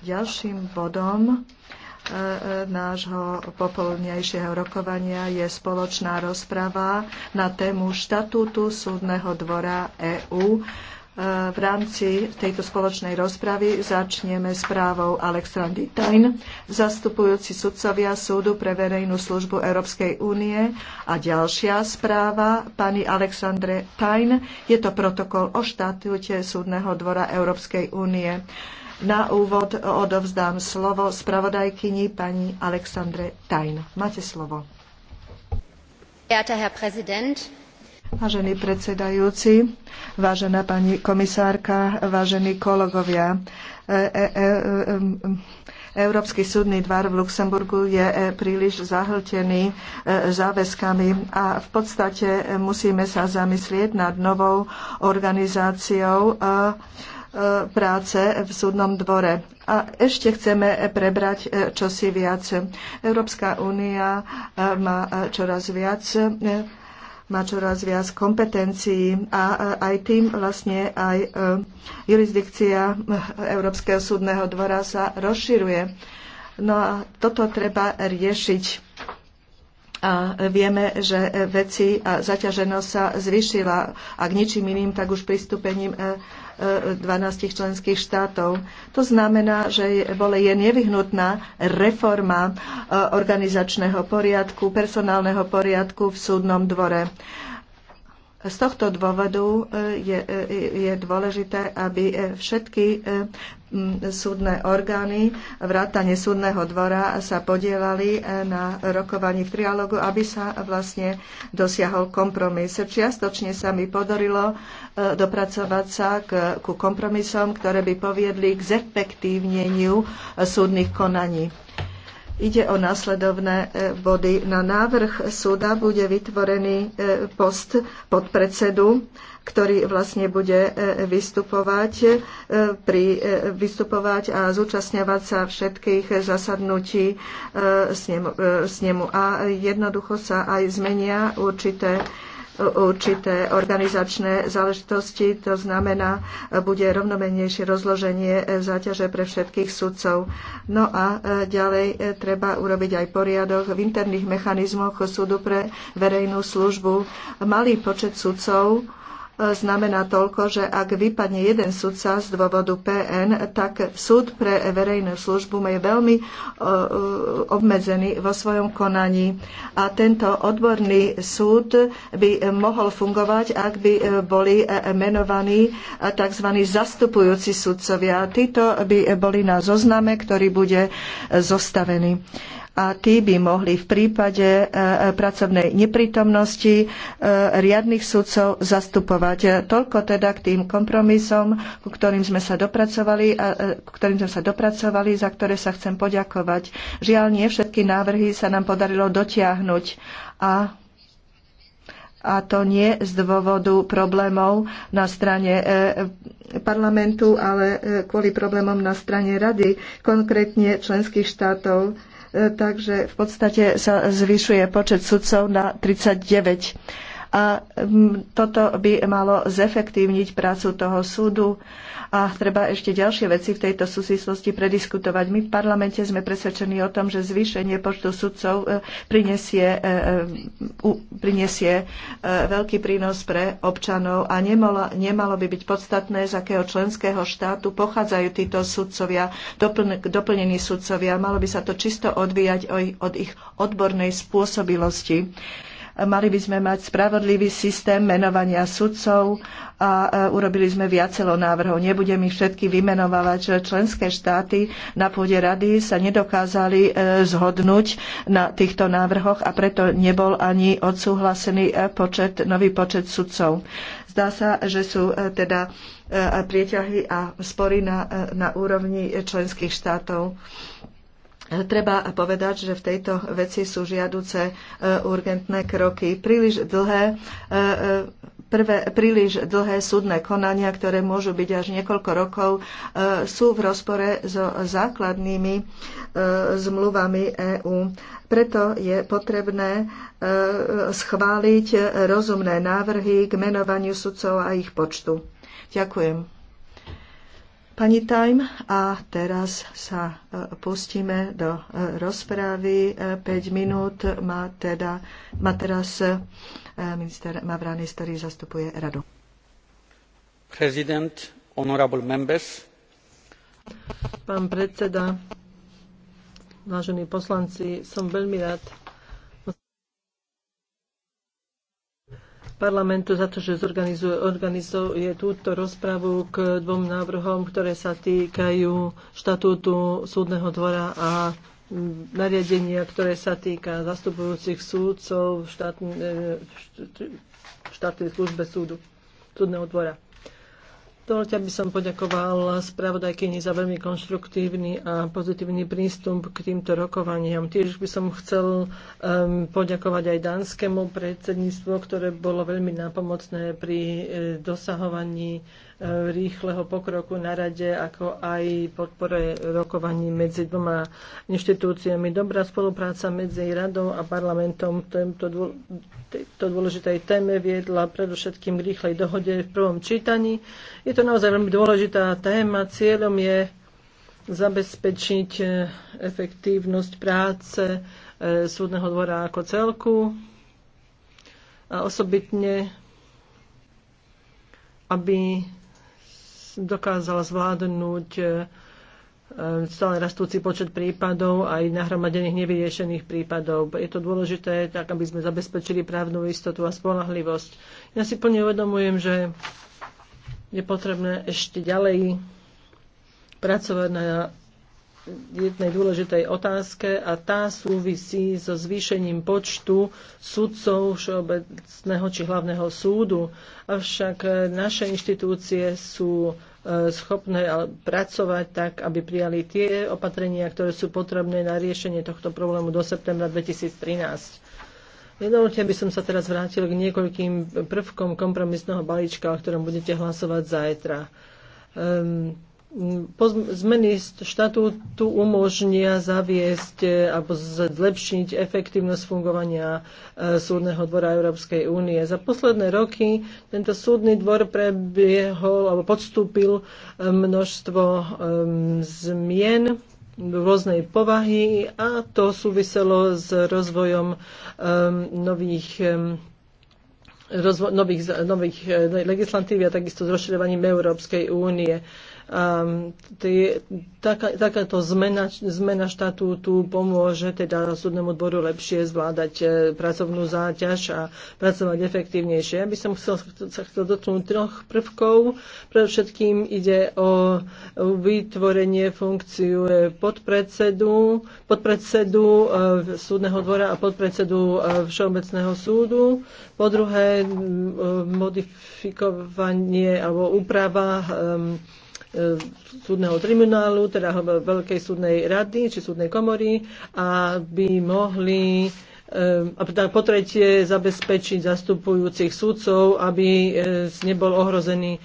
ďalším bodom e, e, nášho popolnejšieho rokovania je spoločná rozprava na tému štatútu Súdneho dvora EÚ. E, v rámci tejto spoločnej rozpravy začneme správou Alexandry Tain, zastupujúci sudcovia Súdu pre verejnú službu Európskej únie a ďalšia správa pani Alexandre Tain, Je to protokol o štatúte Súdneho dvora Európskej únie. Na úvod odovzdám slovo spravodajkyni pani Alexandre Tajn. Máte slovo. Vážený predsedajúci, vážená pani komisárka, vážení kolegovia, e, e, e, Európsky súdny dvar v Luxemburgu je e, príliš zahltený e, záväzkami a v podstate e, musíme sa zamyslieť nad novou organizáciou práce v súdnom dvore. A ešte chceme prebrať e, čosi viac. Európska únia e, má e, čoraz viac má čoraz viac kompetencií a aj tým vlastne aj jurisdikcia Európskeho súdneho dvora sa rozširuje. No a toto treba riešiť a vieme, že veci a zaťaženosť sa zvyšila a k ničím iným, tak už pristúpením 12 členských štátov. To znamená, že vole je nevyhnutná reforma e, organizačného poriadku, personálneho poriadku v súdnom dvore. Z tohto dôvodu e, je, e, je dôležité, aby všetky súdne orgány, vrátane súdneho dvora sa podielali e, na rokovaní v trialogu, aby sa vlastne dosiahol kompromis. Čiastočne sa mi podarilo e, dopracovať sa k, ku kompromisom, ktoré by poviedli k zefektívneniu e, súdnych konaní. Ide o následovné body. Na návrh súda bude vytvorený post podpredsedu ktorý vlastne bude e, vystupovať, e, pri, e, vystupovať a zúčastňovať sa všetkých zasadnutí snemu. A jednoducho sa aj zmenia určité určité organizačné záležitosti, to znamená, bude rovnomennejšie rozloženie záťaže pre všetkých sudcov. No a ďalej treba urobiť aj poriadok v interných mechanizmoch súdu pre verejnú službu. Malý počet sudcov znamená toľko, že ak vypadne jeden sudca z dôvodu PN, tak súd pre verejnú službu je veľmi e, e, obmedzený vo svojom konaní. A tento odborný súd by mohol fungovať, ak by e, boli menovaní tzv. zastupujúci sudcovia. Títo by boli na zozname, ktorý bude zostavený a tí by mohli v prípade e, pracovnej neprítomnosti e, riadnych sudcov zastupovať. Toľko teda k tým kompromisom, ku ktorým sme sa dopracovali, a, e, ku ktorým sme sa dopracovali, za ktoré sa chcem poďakovať. Žiaľ, nie všetky návrhy sa nám podarilo dotiahnuť a a to nie z dôvodu problémov na strane parlamentu, ale kvôli problémom na strane rady, konkrétne členských štátov. E, takže v podstate sa zvyšuje počet sudcov na 39 a mm, toto by malo zefektívniť prácu toho súdu a treba ešte ďalšie veci v tejto súvislosti prediskutovať. My v parlamente sme presvedčení o tom, že zvýšenie počtu sudcov e, prinesie, e, e, prinesie veľký prínos pre občanov a nemalo, nemalo by byť podstatné, z akého členského štátu pochádzajú títo sudcovia, dopln, doplnení sudcovia. Malo by sa to čisto odvíjať od ich odbornej spôsobilosti. Mali by sme mať spravodlivý systém menovania sudcov a e, urobili sme viacelo návrhov. Nebudem ich všetky vymenovávať, že členské štáty na pôde rady sa nedokázali e, zhodnúť na týchto návrhoch a preto nebol ani odsúhlasený e, počet, nový počet sudcov. Zdá sa, že sú teda prieťahy a spory na, na úrovni členských štátov. Treba povedať, že v tejto veci sú žiaduce e, urgentné kroky. Príliš dlhé e, e, prvé, príliš dlhé súdne konania, ktoré môžu byť až niekoľko rokov, sú v rozpore so základnými zmluvami EÚ. Preto je potrebné schváliť rozumné návrhy k menovaniu sudcov a ich počtu. Ďakujem. Pani Time, a teraz sa e, pustíme do e, rozprávy. 5 e, minút má, teda, má teraz minister Mavranis, ktorý zastupuje radu. Prezident, honorable members. Pán predseda, vážení poslanci, som veľmi rád, parlamentu za to, že zorganizuje organizuje túto rozpravu k dvom návrhom, ktoré sa týkajú štatútu súdneho dvora a nariadenia, ktoré sa týka zastupujúcich súdcov v štátnej, e, štátnej službe súdu, súdneho dvora. Dovolte, aby som poďakoval spravodajkyni za veľmi konštruktívny a pozitívny prístup k týmto rokovaniam. Tiež by som chcel um, poďakovať aj dánskemu predsedníctvu, ktoré bolo veľmi nápomocné pri e, dosahovaní e, rýchleho pokroku na rade, ako aj podpore rokovaní medzi dvoma inštitúciami. Dobrá spolupráca medzi radou a parlamentom tento, tejto dôležitej téme viedla predovšetkým rýchlej dohode v prvom čítaní. Je je to naozaj veľmi dôležitá téma. Cieľom je zabezpečiť eh, efektívnosť práce eh, súdneho dvora ako celku a osobitne, aby dokázala zvládnuť eh, stále rastúci počet prípadov aj nahromadených nevyriešených prípadov. Je to dôležité, tak aby sme zabezpečili právnu istotu a spolahlivosť. Ja si plne uvedomujem, že je potrebné ešte ďalej pracovať na jednej dôležitej otázke a tá súvisí so zvýšením počtu sudcov Všeobecného či hlavného súdu. Avšak naše inštitúcie sú e, schopné e, pracovať tak, aby prijali tie opatrenia, ktoré sú potrebné na riešenie tohto problému do septembra 2013. Dovolte, by som sa teraz vrátil k niekoľkým prvkom kompromisného balíčka, o ktorom budete hlasovať zajtra. Um, zmeny štatútu umožnia zaviesť e, alebo zlepšiť efektívnosť fungovania e, Súdneho dvora Európskej únie. Za posledné roky tento súdny dvor prebiehol alebo podstúpil e, množstvo zmien rôznej povahy a to súviselo s rozvojom um, nových um, rozvo- nových, nových eh, legislatív a takisto s rozširovaním Európskej únie. Ehm, tý, taká, takáto zmena, zmena štatútu pomôže teda súdnemu odboru lepšie zvládať e, pracovnú záťaž a pracovať efektívnejšie. Ja by som chcel, sa chcel dotknúť troch prvkov. Pre všetkým ide o vytvorenie funkciu e, podpredsedu, podpredsedu e, súdneho dvora a podpredsedu Všeobecného súdu. Po druhé, modifikovanie alebo úprava um, E, súdneho tribunálu, teda Veľkej súdnej rady či súdnej komory, aby mohli e, a teda po tretie zabezpečiť zastupujúcich súdcov, aby e, nebol ohrozený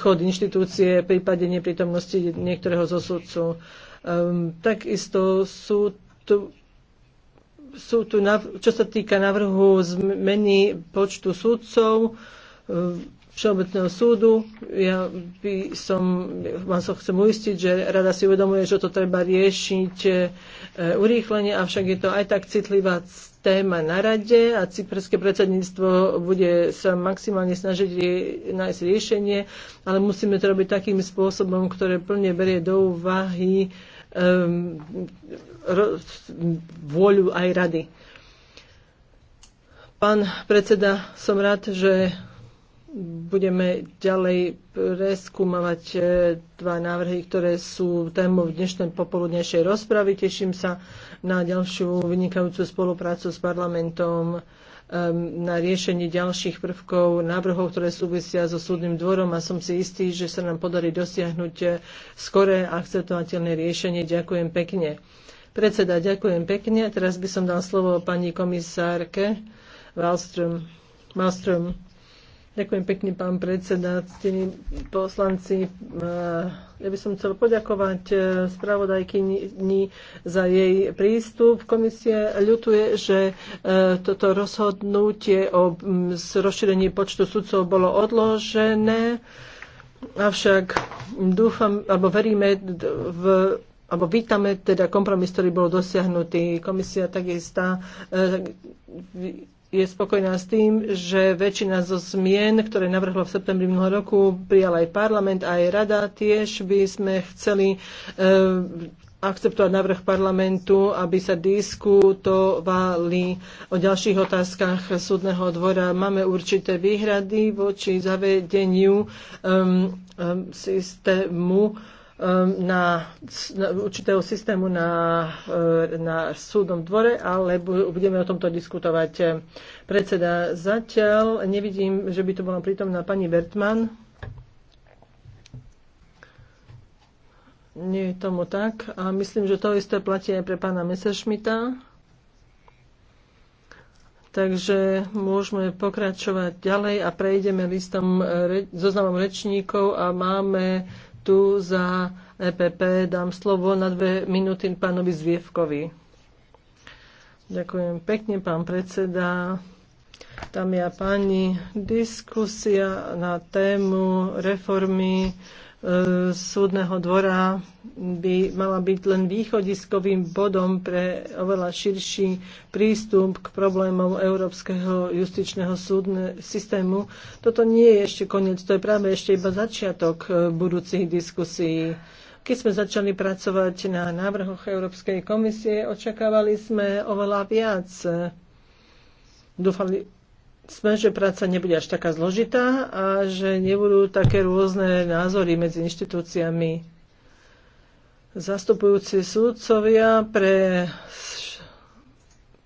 chod inštitúcie v prípade neprítomnosti niektorého zo súdcov. Ehm, takisto sú tu sú tu, čo sa týka navrhu zmeny počtu súdcov, Všeobecného súdu. Ja by som, vám sa chcem uistiť, že rada si uvedomuje, že to treba riešiť e, urýchlenie, avšak je to aj tak citlivá téma na rade a cyperské predsedníctvo bude sa maximálne snažiť nájsť riešenie, ale musíme to robiť takým spôsobom, ktoré plne berie do úvahy um, ro, vôľu aj rady. Pán predseda, som rád, že budeme ďalej preskúmavať e, dva návrhy, ktoré sú témou dnešnej popoludnejšej rozpravy. Teším sa na ďalšiu vynikajúcu spoluprácu s parlamentom e, na riešenie ďalších prvkov, návrhov, ktoré súvisia so súdnym dvorom a som si istý, že sa nám podarí dosiahnuť e, skoré akceptovateľné riešenie. Ďakujem pekne. Predseda, ďakujem pekne. Teraz by som dal slovo pani komisárke Wallström. Malmström. Ďakujem pekne, pán predseda, ctení poslanci. E, ja by som chcel poďakovať e, spravodajkyni za jej prístup. Komisia ľutuje, že e, toto rozhodnutie o rozšírení počtu sudcov bolo odložené. Avšak dúfam, alebo veríme v alebo vítame teda kompromis, ktorý bol dosiahnutý. Komisia takisto je spokojná s tým, že väčšina zo zmien, ktoré navrhlo v septembri minulého roku, prijal aj parlament a aj rada. Tiež by sme chceli e, akceptovať návrh parlamentu, aby sa diskutovali o ďalších otázkach súdneho dvora. Máme určité výhrady voči zavedeniu um, um, systému Ehm, na, na určitého systému na, ehm, na súdnom dvore, ale budeme o tomto diskutovať. Ehm, predseda, zatiaľ nevidím, že by to bola prítomná pani Bertman. Nie je tomu tak. A myslím, že to isté platí aj pre pána Messerschmitta. Takže môžeme pokračovať ďalej a prejdeme listom eh, zoznamom rečníkov a máme tu za EPP dám slovo na dve minúty pánovi Zvievkovi. Ďakujem pekne, pán predseda. Tam ja pani, diskusia na tému reformy E, súdneho dvora by mala byť len východiskovým bodom pre oveľa širší prístup k problémom Európskeho justičného súdne, systému. Toto nie je ešte koniec, to je práve ešte iba začiatok e, budúcich diskusí. Keď sme začali pracovať na návrhoch Európskej komisie, očakávali sme oveľa viac. Dúfali, sme, že práca nebude až taká zložitá a že nebudú také rôzne názory medzi inštitúciami. Zastupujúci súdcovia pre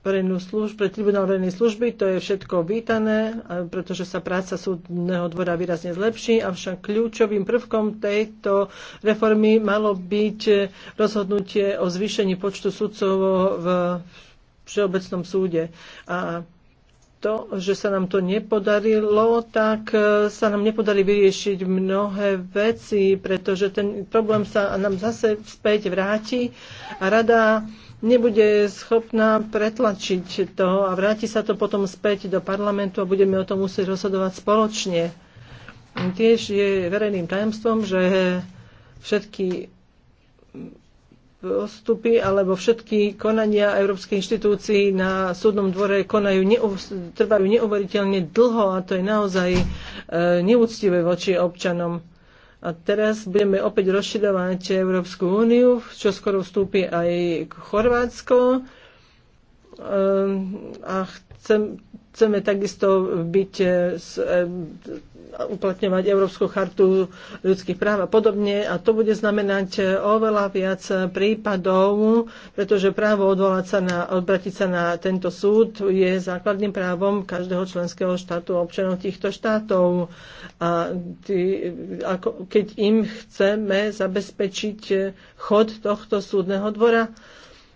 verejnú službu, pre tribunál verejnej služby, to je všetko vítané, pretože sa práca súdneho dvora výrazne zlepší, avšak kľúčovým prvkom tejto reformy malo byť rozhodnutie o zvýšení počtu sudcov v Všeobecnom súde. A to, že sa nám to nepodarilo, tak e, sa nám nepodarí vyriešiť mnohé veci, pretože ten problém sa nám zase späť vráti a rada nebude schopná pretlačiť to a vráti sa to potom späť do parlamentu a budeme o tom musieť rozhodovať spoločne. Tiež je verejným tajomstvom, že všetky postupy alebo všetky konania európskej inštitúcií na súdnom dvore konajú, trvajú neuveriteľne dlho a to je naozaj e, neúctivé voči občanom. A teraz budeme opäť rozširovať Európsku úniu, čo skoro vstúpi aj Chorvátsko. E, a chcem chceme takisto byť, e, e, uplatňovať Európsku chartu ľudských práv a podobne. A to bude znamenať e, oveľa viac prípadov, pretože právo odvolať sa na, odbratiť sa na tento súd je základným právom každého členského štátu, občanov týchto štátov. A ty, ako, keď im chceme zabezpečiť chod tohto súdneho dvora,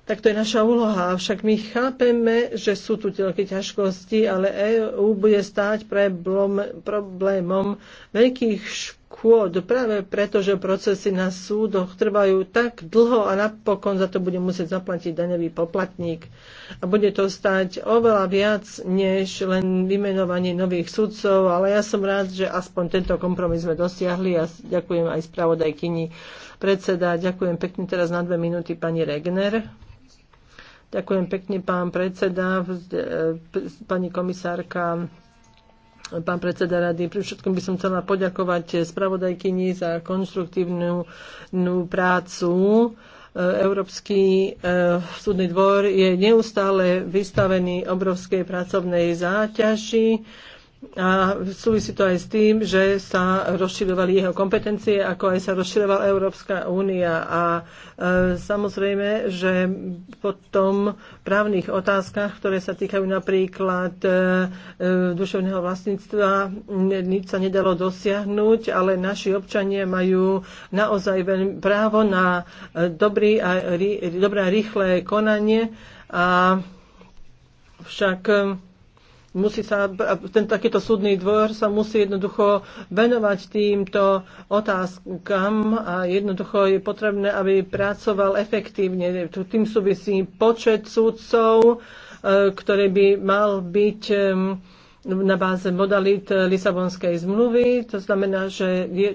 tak to je naša úloha. Avšak my chápeme, že sú tu veľké ťažkosti, ale EU bude stáť blom, problémom veľkých škôd, práve preto, že procesy na súdoch trvajú tak dlho a napokon za to bude musieť zaplatiť daňový poplatník. A bude to stať oveľa viac, než len vymenovanie nových sudcov, ale ja som rád, že aspoň tento kompromis sme dosiahli a ja ďakujem aj spravodajkyni predseda. Ďakujem pekne teraz na dve minúty pani Regner. Ďakujem pekne, pán predseda, eh, pani komisárka, pán predseda rady. Pri všetkom by som chcela poďakovať spravodajkyni za konštruktívnu prácu. Eh, Európsky eh, súdny dvor je neustále vystavený obrovskej pracovnej záťaži a súvisí to aj s tým, že sa rozširovali jeho kompetencie, ako aj sa rozširovala Európska únia. A e, samozrejme, že potom v právnych otázkach, ktoré sa týkajú napríklad e, e, duševného vlastníctva, nič sa nedalo dosiahnuť, ale naši občania majú naozaj veľmi právo na e, dobrý a, ri, dobré a rýchle konanie. A však e, musí sa, ten takýto súdny dvor sa musí jednoducho venovať týmto otázkam a jednoducho je potrebné, aby pracoval efektívne. Tým súvisí počet súdcov, e, ktorý by mal byť na báze modalit Lisabonskej zmluvy. To znamená, že je,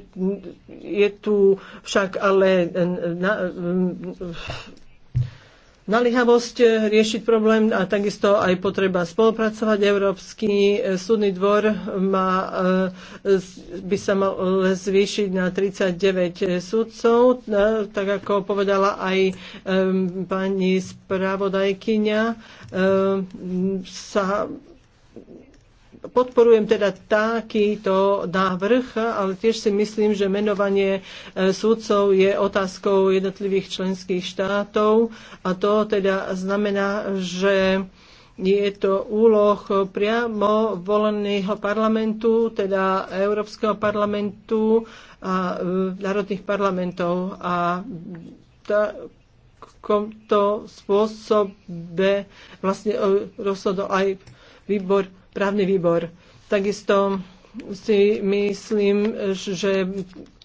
je tu však ale na, naliehavosť eh, riešiť problém a takisto aj potreba spolupracovať. Európsky eh, súdny dvor má, eh, by sa mal zvýšiť na 39 súdcov, tak ako povedala aj pani spravodajkyňa, sa podporujem teda takýto návrh, ale tiež si myslím, že menovanie e, súdcov je otázkou jednotlivých členských štátov a to teda znamená, že je to úloh priamo voleného parlamentu, teda Európskeho parlamentu a e, národných parlamentov. A tá, tomto spôsobe vlastne e, rozhodol aj výbor právny výbor. Takisto si myslím, že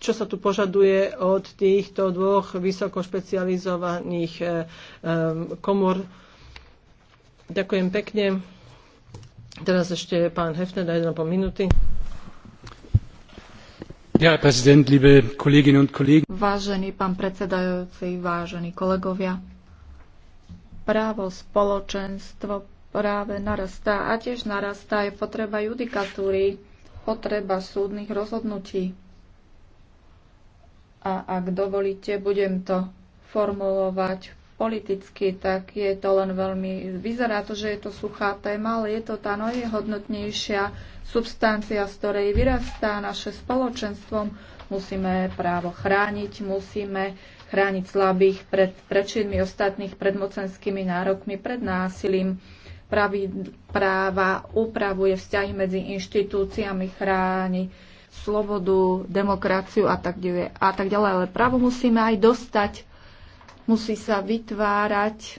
čo sa tu požaduje od týchto dvoch vysokošpecializovaných eh, eh, komor. Ďakujem pekne. Teraz ešte pán Hefner, daj jedno pol minúty. Ja, prezident, liebe kolegyne und kolegy. Vážený pán predsedajúci, vážení kolegovia, právo spoločenstvo práve narastá a tiež narastá aj potreba judikatúry, potreba súdnych rozhodnutí. A ak dovolíte, budem to formulovať politicky, tak je to len veľmi... Vyzerá to, že je to suchá téma, ale je to tá najhodnotnejšia substancia, z ktorej vyrastá naše spoločenstvo. Musíme právo chrániť, musíme chrániť slabých pred prečinmi ostatných, pred mocenskými nárokmi, pred násilím práva upravuje vzťahy medzi inštitúciami, chráni slobodu, demokraciu a tak, a tak ďalej. Ale právo musíme aj dostať, musí sa vytvárať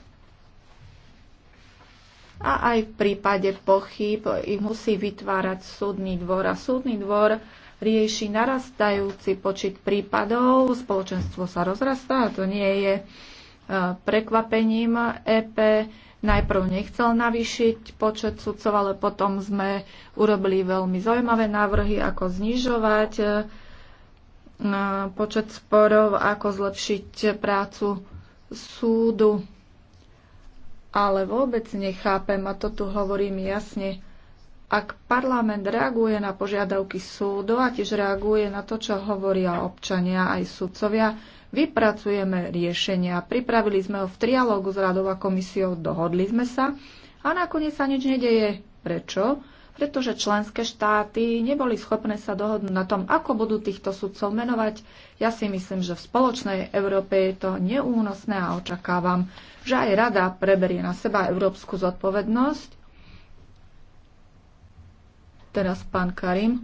a aj v prípade pochyb ich musí vytvárať súdny dvor. A súdny dvor rieši narastajúci počet prípadov, spoločenstvo sa rozrastá, a to nie je eh, prekvapením EP najprv nechcel navýšiť počet sudcov, ale potom sme urobili veľmi zaujímavé návrhy, ako znižovať e, počet sporov, ako zlepšiť prácu súdu. Ale vôbec nechápem, a to tu hovorím jasne, ak parlament reaguje na požiadavky súdu a tiež reaguje na to, čo hovoria občania aj sudcovia, vypracujeme riešenia. Pripravili sme ho v trialógu s radou a komisiou, dohodli sme sa a nakoniec sa nič nedeje. Prečo? pretože členské štáty neboli schopné sa dohodnúť na tom, ako budú týchto sudcov menovať. Ja si myslím, že v spoločnej Európe je to neúnosné a očakávam, že aj Rada preberie na seba európsku zodpovednosť. Teraz pán Karim.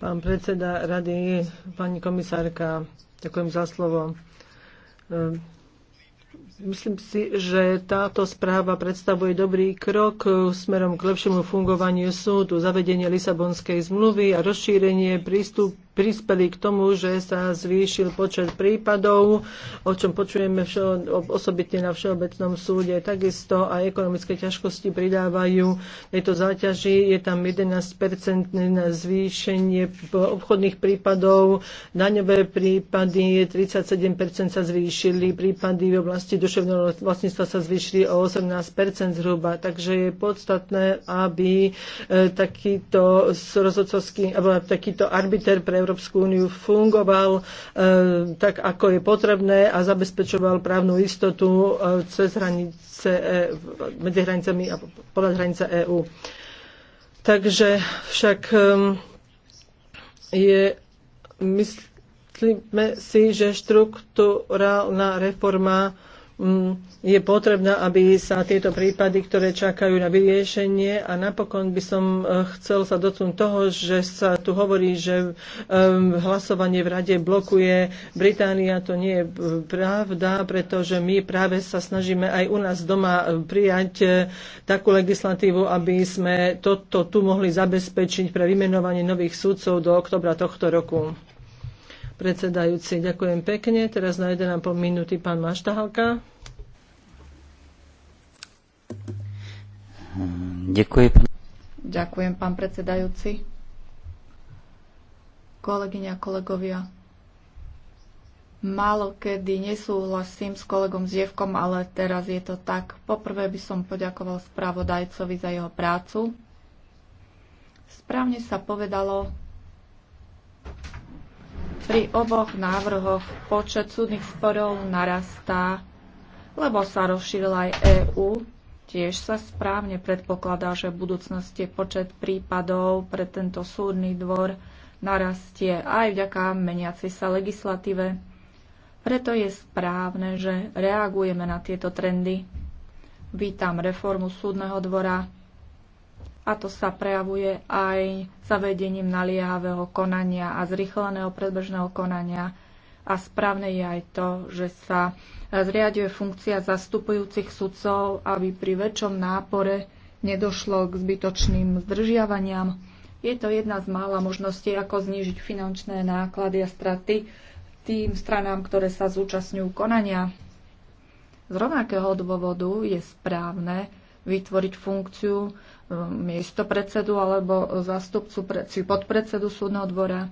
Pán predseda rady, pani komisárka, ďakujem za slovo. Ehm, myslím si, že táto správa predstavuje dobrý krok smerom k lepšiemu fungovaniu súdu, zavedenie Lisabonskej zmluvy a rozšírenie prístup prispeli k tomu, že sa zvýšil počet prípadov, o čom počujeme všeo, osobitne na Všeobecnom súde. Takisto aj ekonomické ťažkosti pridávajú tejto záťaži. Je tam 11-percentné zvýšenie obchodných prípadov, daňové prípady 37% sa zvýšili, prípady v oblasti duševného vlastníctva sa zvýšili o 18% zhruba. Takže je podstatné, aby e, takýto rozhodcovský, alebo takýto arbiter pre Európsku úniu fungoval e, tak, ako je potrebné a zabezpečoval právnu istotu e, cez hranice, e, medzi hranicami a podľa hranice EÚ. Takže však e, je, myslíme si, že štruktúrálna reforma e, Mm, je potrebné, aby sa tieto prípady, ktoré čakajú na vyriešenie a napokon by som e, chcel sa dotknúť toho, že sa tu hovorí, že e, hlasovanie v rade blokuje Británia. To nie je e, pravda, pretože my práve sa snažíme aj u nás doma prijať takú legislatívu, aby sme toto tu mohli zabezpečiť pre vymenovanie nových súdcov do oktobra tohto roku predsedajúci. Ďakujem pekne. Teraz na 1,5 minúty pán Maštahalka. Ďakujem. Pán... Ďakujem, pán predsedajúci. Kolegyňa, kolegovia, Málo kedy nesúhlasím s kolegom Zjevkom, ale teraz je to tak. Poprvé by som poďakoval spravodajcovi za jeho prácu. Správne sa povedalo, pri oboch návrhoch počet súdnych sporov narastá, lebo sa rozšírila aj EÚ. Tiež sa správne predpokladá, že v budúcnosti počet prípadov pre tento súdny dvor narastie aj vďaka meniacej sa legislatíve. Preto je správne, že reagujeme na tieto trendy. Vítam reformu súdneho dvora a to sa prejavuje aj zavedením naliehavého konania a zrychleného predbežného konania. A správne je aj to, že sa zriaduje funkcia zastupujúcich sudcov, aby pri väčšom nápore nedošlo k zbytočným zdržiavaniam. Je to jedna z mála možností, ako znížiť finančné náklady a straty tým stranám, ktoré sa zúčastňujú konania. Z rovnakého dôvodu je správne vytvoriť funkciu miesto predsedu alebo zástupcu či podpredsedu súdneho dvora,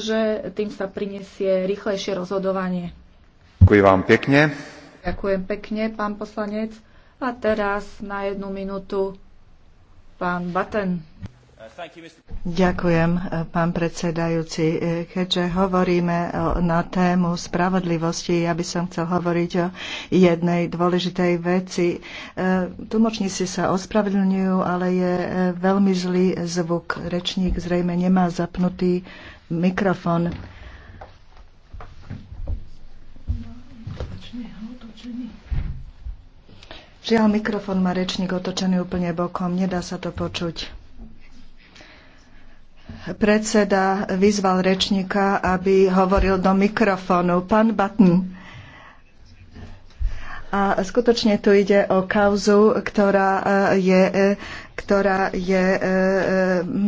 že tým sa prinesie rýchlejšie rozhodovanie. Ďakujem vám pekne. Ďakujem pekne, pán poslanec. A teraz na jednu minútu pán Baten. Ďakujem, pán predsedajúci. Keďže hovoríme na tému spravodlivosti, ja by som chcel hovoriť o jednej dôležitej veci. E, tlmočníci sa ospravedlňujú, ale je e, veľmi zlý zvuk. Rečník zrejme nemá zapnutý mikrofón. Žiaľ, mikrofón má rečník otočený úplne bokom, nedá sa to počuť. Predseda vyzval rečníka, aby hovoril do mikrofónu. Pán Batn. A skutočne tu ide o kauzu, ktorá e, je, e, ktorá je e,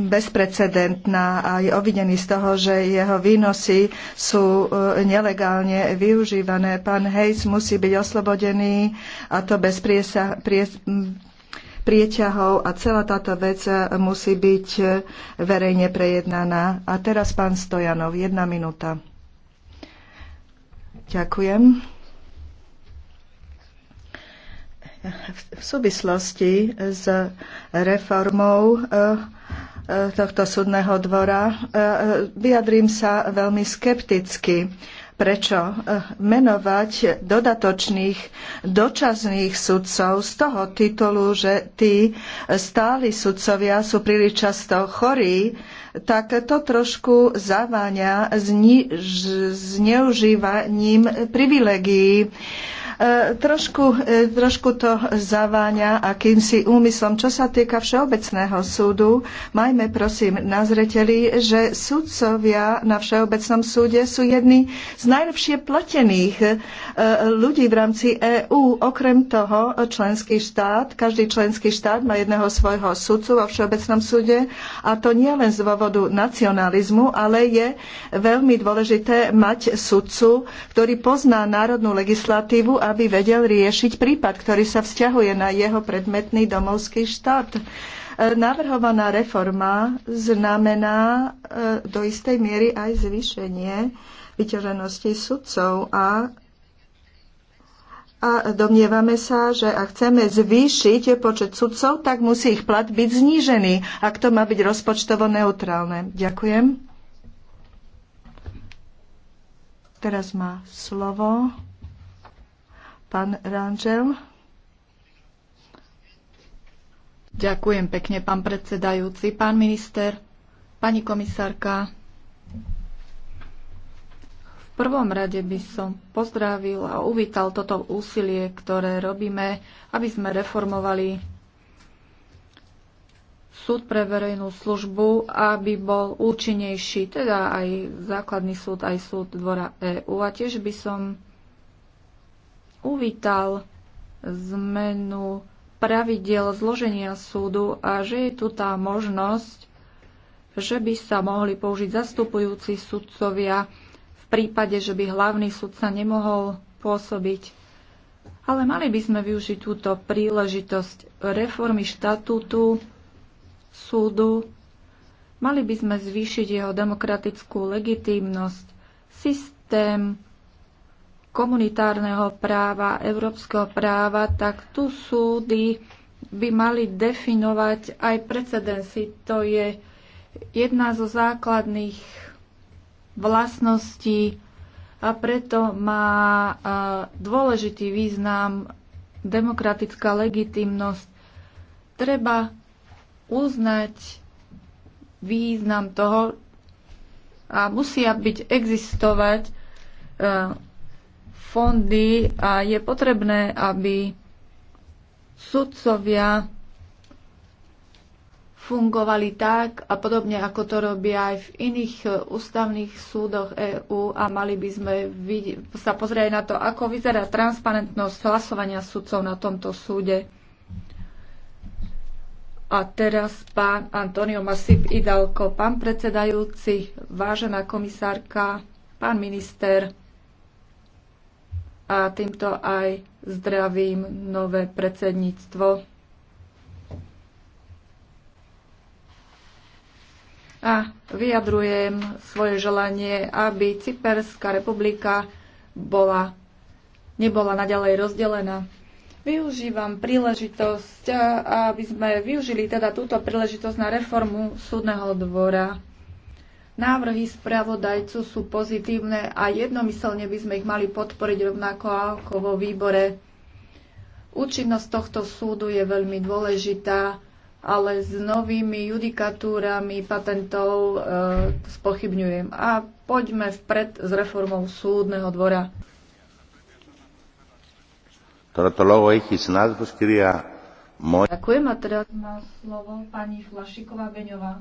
bezprecedentná a je ovidený z toho, že jeho výnosy sú nelegálne využívané. Pán Hejs musí byť oslobodený a to bez priesa, pries, prieťahov a celá táto vec e, musí byť e, verejne prejednaná. A teraz pán Stojanov, jedna minúta. Ďakujem. V súvislosti s reformou e, tohto súdneho dvora vyjadrím sa veľmi skepticky Prečo eh, menovať dodatočných dočasných sudcov z toho titulu, že tí stáli sudcovia sú príliš často chorí, tak to trošku zaváňa zneužívaním privilegií E, trošku, e, trošku to zaváňa akýmsi úmyslom. Čo sa týka Všeobecného súdu, majme prosím na zreteli, že sudcovia na Všeobecnom súde sú jedni z najlepšie platených e, ľudí v rámci EÚ. Okrem toho, členský štát, každý členský štát má jedného svojho sudcu vo Všeobecnom súde a to nie len z dôvodu nacionalizmu, ale je veľmi dôležité mať sudcu, ktorý pozná národnú legislatívu aby vedel riešiť prípad, ktorý sa vzťahuje na jeho predmetný domovský štát. E, navrhovaná reforma znamená e, do istej miery aj zvýšenie vyťaženosti sudcov a a domnievame sa, že ak chceme zvýšiť počet sudcov, tak musí ich plat byť znížený, ak to má byť rozpočtovo neutrálne. Ďakujem. Teraz má slovo Pán Rangel. Ďakujem pekne, pán predsedajúci, pán minister, pani komisárka. V prvom rade by som pozdravil a uvítal toto úsilie, ktoré robíme, aby sme reformovali súd pre verejnú službu, aby bol účinnejší, teda aj základný súd, aj súd dvora EU. A tiež by som uvítal zmenu pravidel zloženia súdu a že je tu tá možnosť, že by sa mohli použiť zastupujúci sudcovia v prípade, že by hlavný sudca nemohol pôsobiť. Ale mali by sme využiť túto príležitosť reformy štatútu súdu. Mali by sme zvýšiť jeho demokratickú legitímnosť. Systém komunitárneho práva, európskeho práva, tak tu súdy by mali definovať aj precedensy. To je jedna zo základných vlastností a preto má dôležitý význam demokratická legitimnosť. Treba uznať význam toho a musia byť existovať e, fondy a je potrebné, aby sudcovia fungovali tak a podobne ako to robia aj v iných eh, ústavných súdoch EÚ a mali by sme sa pozrieť na to, ako vyzerá transparentnosť hlasovania sudcov na tomto súde. A teraz pán Antonio Masip Idalko, pán predsedajúci, vážená komisárka, pán minister a týmto aj zdravím nové predsedníctvo. A vyjadrujem svoje želanie, aby Cyperská republika bola, nebola naďalej rozdelená. Využívam príležitosť, aby sme využili teda túto príležitosť na reformu súdneho dvora Návrhy spravodajcu sú pozitívne a jednomyselne by sme ich mali podporiť rovnako ako vo výbore. Účinnosť tohto súdu je veľmi dôležitá, ale s novými judikatúrami patentov e, spochybňujem. A poďme vpred s reformou súdneho dvora. Ďakujem a teraz má slovo pani Flašiková Beňová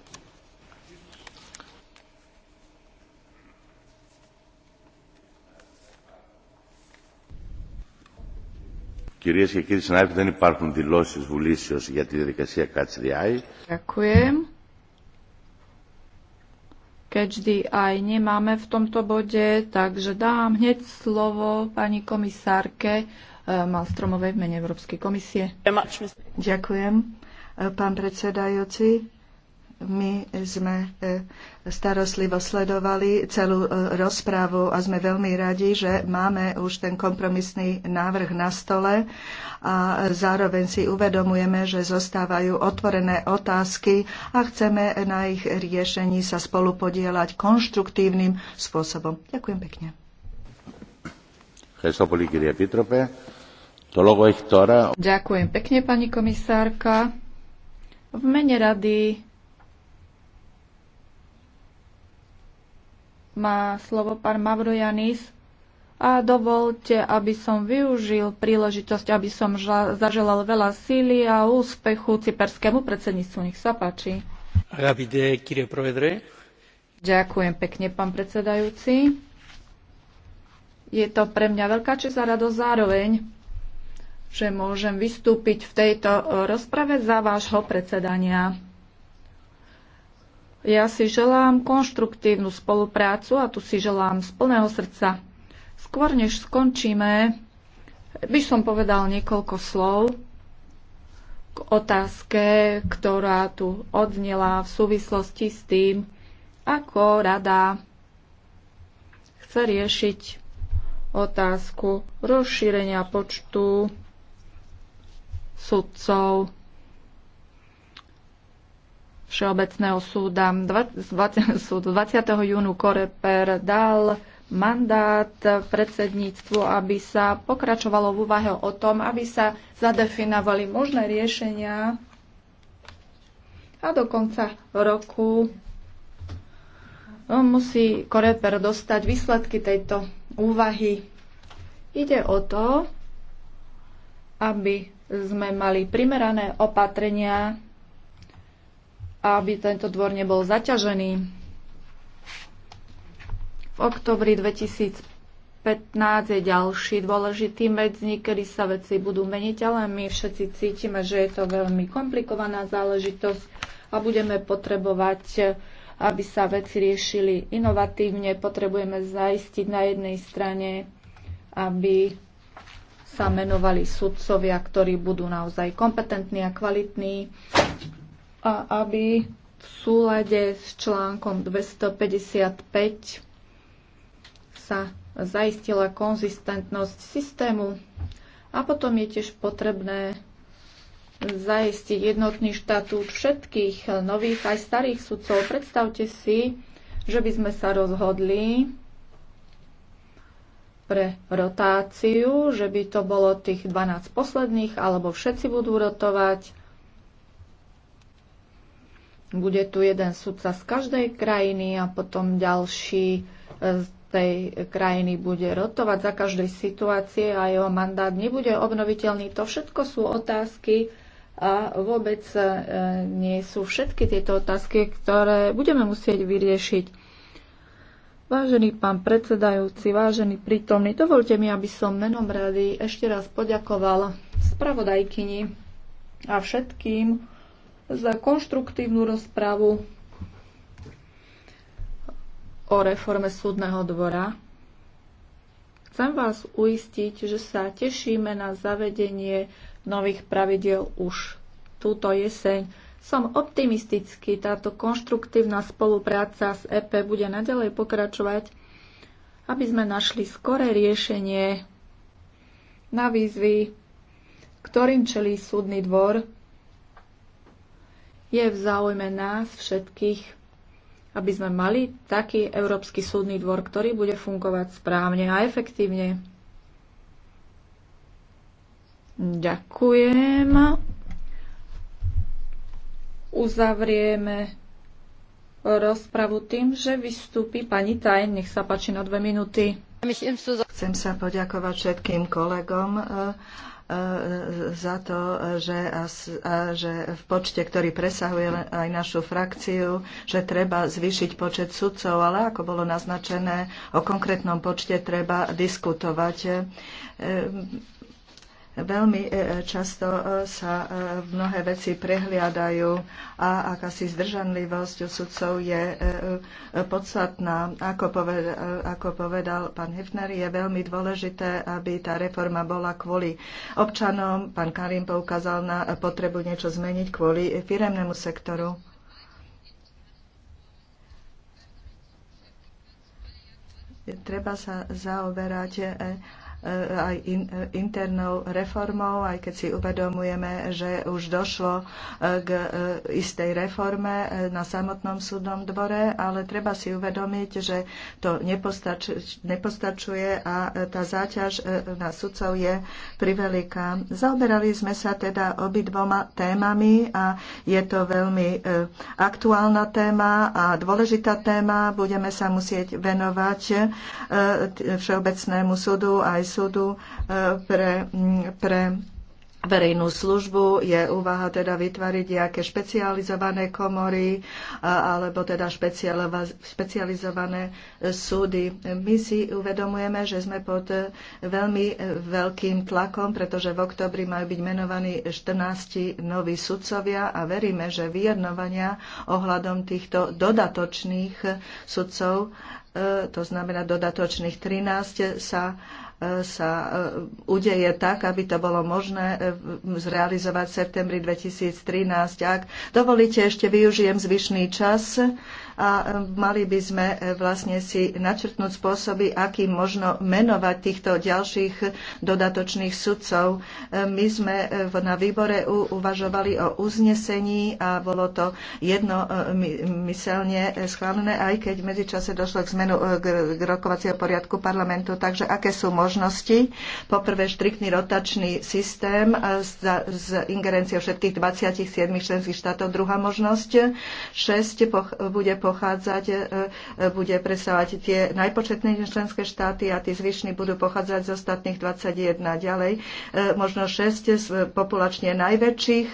Κυρίες και κύριοι συνάδελφοι, δεν υπάρχουν δηλώσεις βουλήσεως για τη διαδικασία Catch Ďakujem. Catch the nemáme v tomto bode, takže dám hneď slovo pani komisárke eh, Malstromovej v mene Európskej komisie. Ďakujem, eh, pán predsedajúci my sme e, starostlivo sledovali celú e, rozprávu a sme veľmi radi, že máme už ten kompromisný návrh na stole a zároveň si uvedomujeme, že zostávajú otvorené otázky a chceme na ich riešení sa spolu konštruktívnym spôsobom. Ďakujem pekne. Ďakujem pekne, pani komisárka. V mene rady má slovo pán Mavrojanis a dovolte, aby som využil príležitosť, aby som zaželal veľa síly a úspechu cyperskému predsedníctvu. Nech sa páči. Ďakujem pekne, pán predsedajúci. Je to pre mňa veľká čest a radosť zároveň, že môžem vystúpiť v tejto e, rozprave za vášho predsedania. Ja si želám konštruktívnu spoluprácu a tu si želám z plného srdca. Skôr než skončíme, by som povedal niekoľko slov k otázke, ktorá tu odnela v súvislosti s tým, ako rada chce riešiť otázku rozšírenia počtu sudcov Všeobecného súda 20, 20, 20. júnu Koreper dal mandát predsedníctvu, aby sa pokračovalo v úvahe o tom, aby sa zadefinovali možné riešenia a do konca roku no, musí Koreper dostať výsledky tejto úvahy. Ide o to, aby sme mali primerané opatrenia aby tento dvor nebol zaťažený. V oktobri 2015 je ďalší dôležitý medzník, kedy sa veci budú meniť, ale my všetci cítime, že je to veľmi komplikovaná záležitosť a budeme potrebovať, aby sa veci riešili inovatívne. Potrebujeme zaistiť na jednej strane, aby sa menovali sudcovia, ktorí budú naozaj kompetentní a kvalitní a aby v súlade s článkom 255 sa zaistila konzistentnosť systému a potom je tiež potrebné zaistiť jednotný štatút všetkých nových aj starých sudcov. Predstavte si, že by sme sa rozhodli pre rotáciu, že by to bolo tých 12 posledných, alebo všetci budú rotovať bude tu jeden sudca z každej krajiny a potom ďalší e, z tej krajiny bude rotovať za každej situácie a jeho mandát nebude obnoviteľný. To všetko sú otázky a vôbec e, nie sú všetky tieto otázky, ktoré budeme musieť vyriešiť. Vážený pán predsedajúci, vážený prítomný, dovolte mi, aby som menom rady ešte raz poďakoval spravodajkyni a všetkým, za konštruktívnu rozpravu o reforme súdneho dvora. Chcem vás uistiť, že sa tešíme na zavedenie nových pravidel už túto jeseň. Som optimistický, táto konštruktívna spolupráca s EP bude nadalej pokračovať, aby sme našli skoré riešenie na výzvy, ktorým čelí súdny dvor je v záujme nás všetkých, aby sme mali taký Európsky súdny dvor, ktorý bude fungovať správne a efektívne. Ďakujem. Uzavrieme rozpravu tým, že vystúpi pani Tajn. Nech sa páči na dve minúty. Chcem sa poďakovať všetkým kolegom E, za to, že, že v počte, ktorý presahuje aj našu frakciu, že treba zvýšiť počet sudcov, ale ako bolo naznačené, o konkrétnom počte treba diskutovať e, Veľmi e, často e, sa e, mnohé veci prehliadajú a akási zdržanlivosť u sudcov je podstatná. Ako povedal, ako povedal pán Hefner, je veľmi dôležité, aby tá reforma bola kvôli občanom. Pán Karim poukázal na potrebu niečo zmeniť kvôli firemnému sektoru. Treba sa zaoberať Eh, aj in, eh, internou reformou, aj keď si uvedomujeme, že už došlo eh, k istej reforme na samotnom súdnom dvore, ale treba si uvedomiť, že to nepostačuje, nepostačuje a tá záťaž na sudcov je priveliká. Zaoberali sme sa teda obidvoma témami a je to veľmi aktuálna téma a dôležitá téma. Budeme sa musieť venovať Všeobecnému súdu aj súdu e, pre, pre verejnú službu je úvaha teda vytvoriť nejaké špecializované komory e, alebo teda špecializované e, súdy. My si uvedomujeme, že sme pod veľmi veľkým tlakom, pretože v oktobri majú byť menovaní 14 noví sudcovia a veríme, že vyjednovania ohľadom týchto dodatočných sudcov to znamená dodatočných 13, sa sa e, udeje tak, aby to bolo možné e, zrealizovať v septembri 2013. Ak dovolíte, ešte využijem zvyšný čas a e, mali by sme e, vlastne si načrtnúť spôsoby, akým možno menovať týchto ďalších dodatočných sudcov. E, my sme na výbore uvažovali o uznesení a bolo to jednomyselne schválené, aj keď medzičase došlo k zmenu k rokovacieho poriadku parlamentu. Takže aké sú možnosti? Poprvé štriktný rotačný systém s ingerenciou všetkých 27 členských štátov. Druhá možnosť, 6 bude pochádzať, e, e, bude presávať tie najpočetnejšie členské štáty a tí zvyšní budú pochádzať z ostatných 21 ďalej. E, možno 6 z populačne najväčších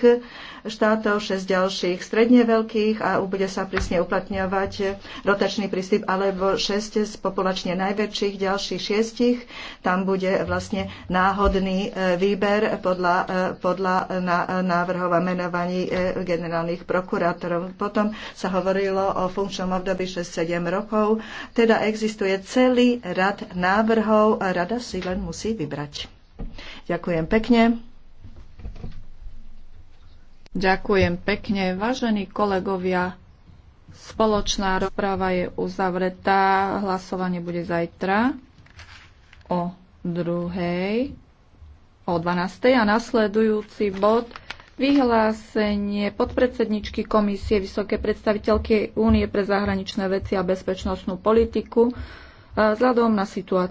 štátov, 6 ďalších stredne veľkých a bude sa prísne uplatňovať rotačný prístup, alebo 6 z populačne najväčších ďalších 6. Tam bude vlastne náhodný výber podľa, podľa návrhov a menovaní generálnych prokurátorov. Potom sa hovorilo o funkčnom období 6-7 rokov. Teda existuje celý rad návrhov a rada si len musí vybrať. Ďakujem pekne. Ďakujem pekne, vážení kolegovia. Spoločná rozprava je uzavretá. Hlasovanie bude zajtra o druhej, o 12. a nasledujúci bod vyhlásenie podpredsedničky komisie Vysokej predstaviteľky Únie pre zahraničné veci a bezpečnostnú politiku e, vzhľadom na situáciu.